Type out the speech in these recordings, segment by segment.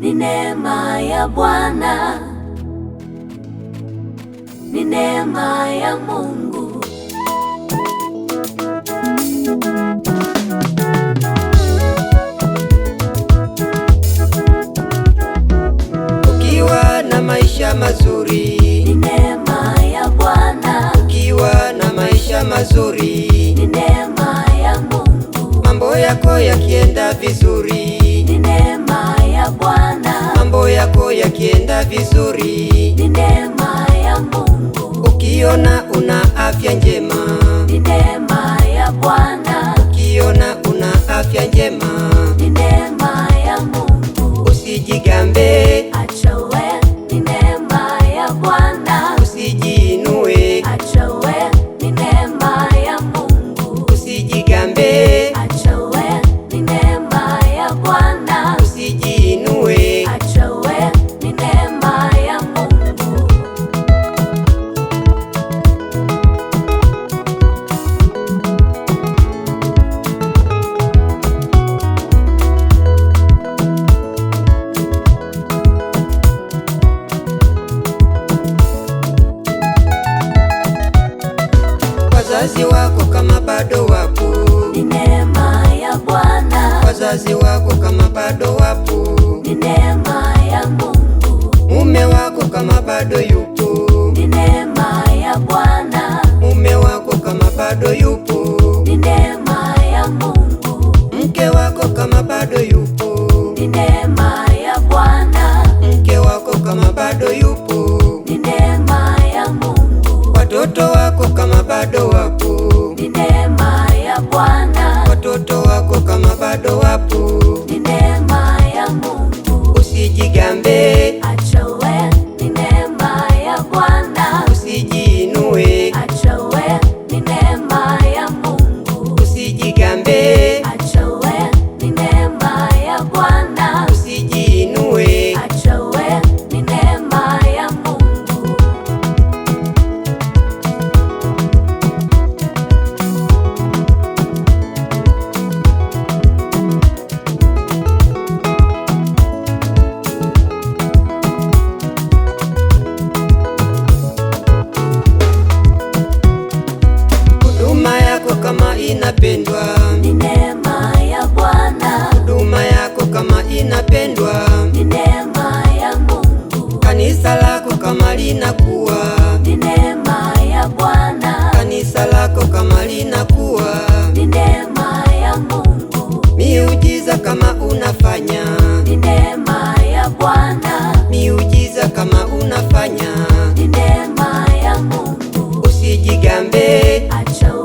ni neema ya Bwana, ni neema ya Mungu. Ukiwa na maisha mazuri, ni neema ya Bwana. Ukiwa na maisha mazuri, ni neema ya Mungu. Mambo yako yakienda vizuri yako yakienda vizuri, ni neema ya Mungu. Ukiona una afya njema, ni neema ya Bwana. Ukiona una afya njema, ni neema ya Mungu. Usijigambe wazazi wako kama bado wapo, ni neema ya Bwana. Wazazi wako kama bado wapo, ni neema ya Mungu. Mume wako kama bado watoto wako kama bado wapo, ni neema ya Mungu, usijigambe nigambe acha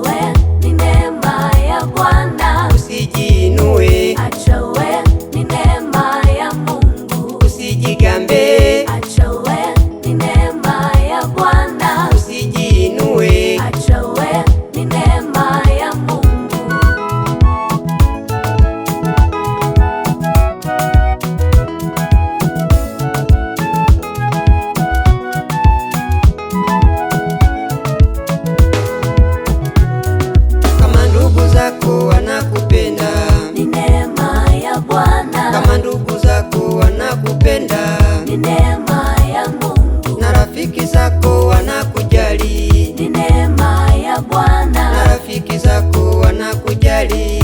kujali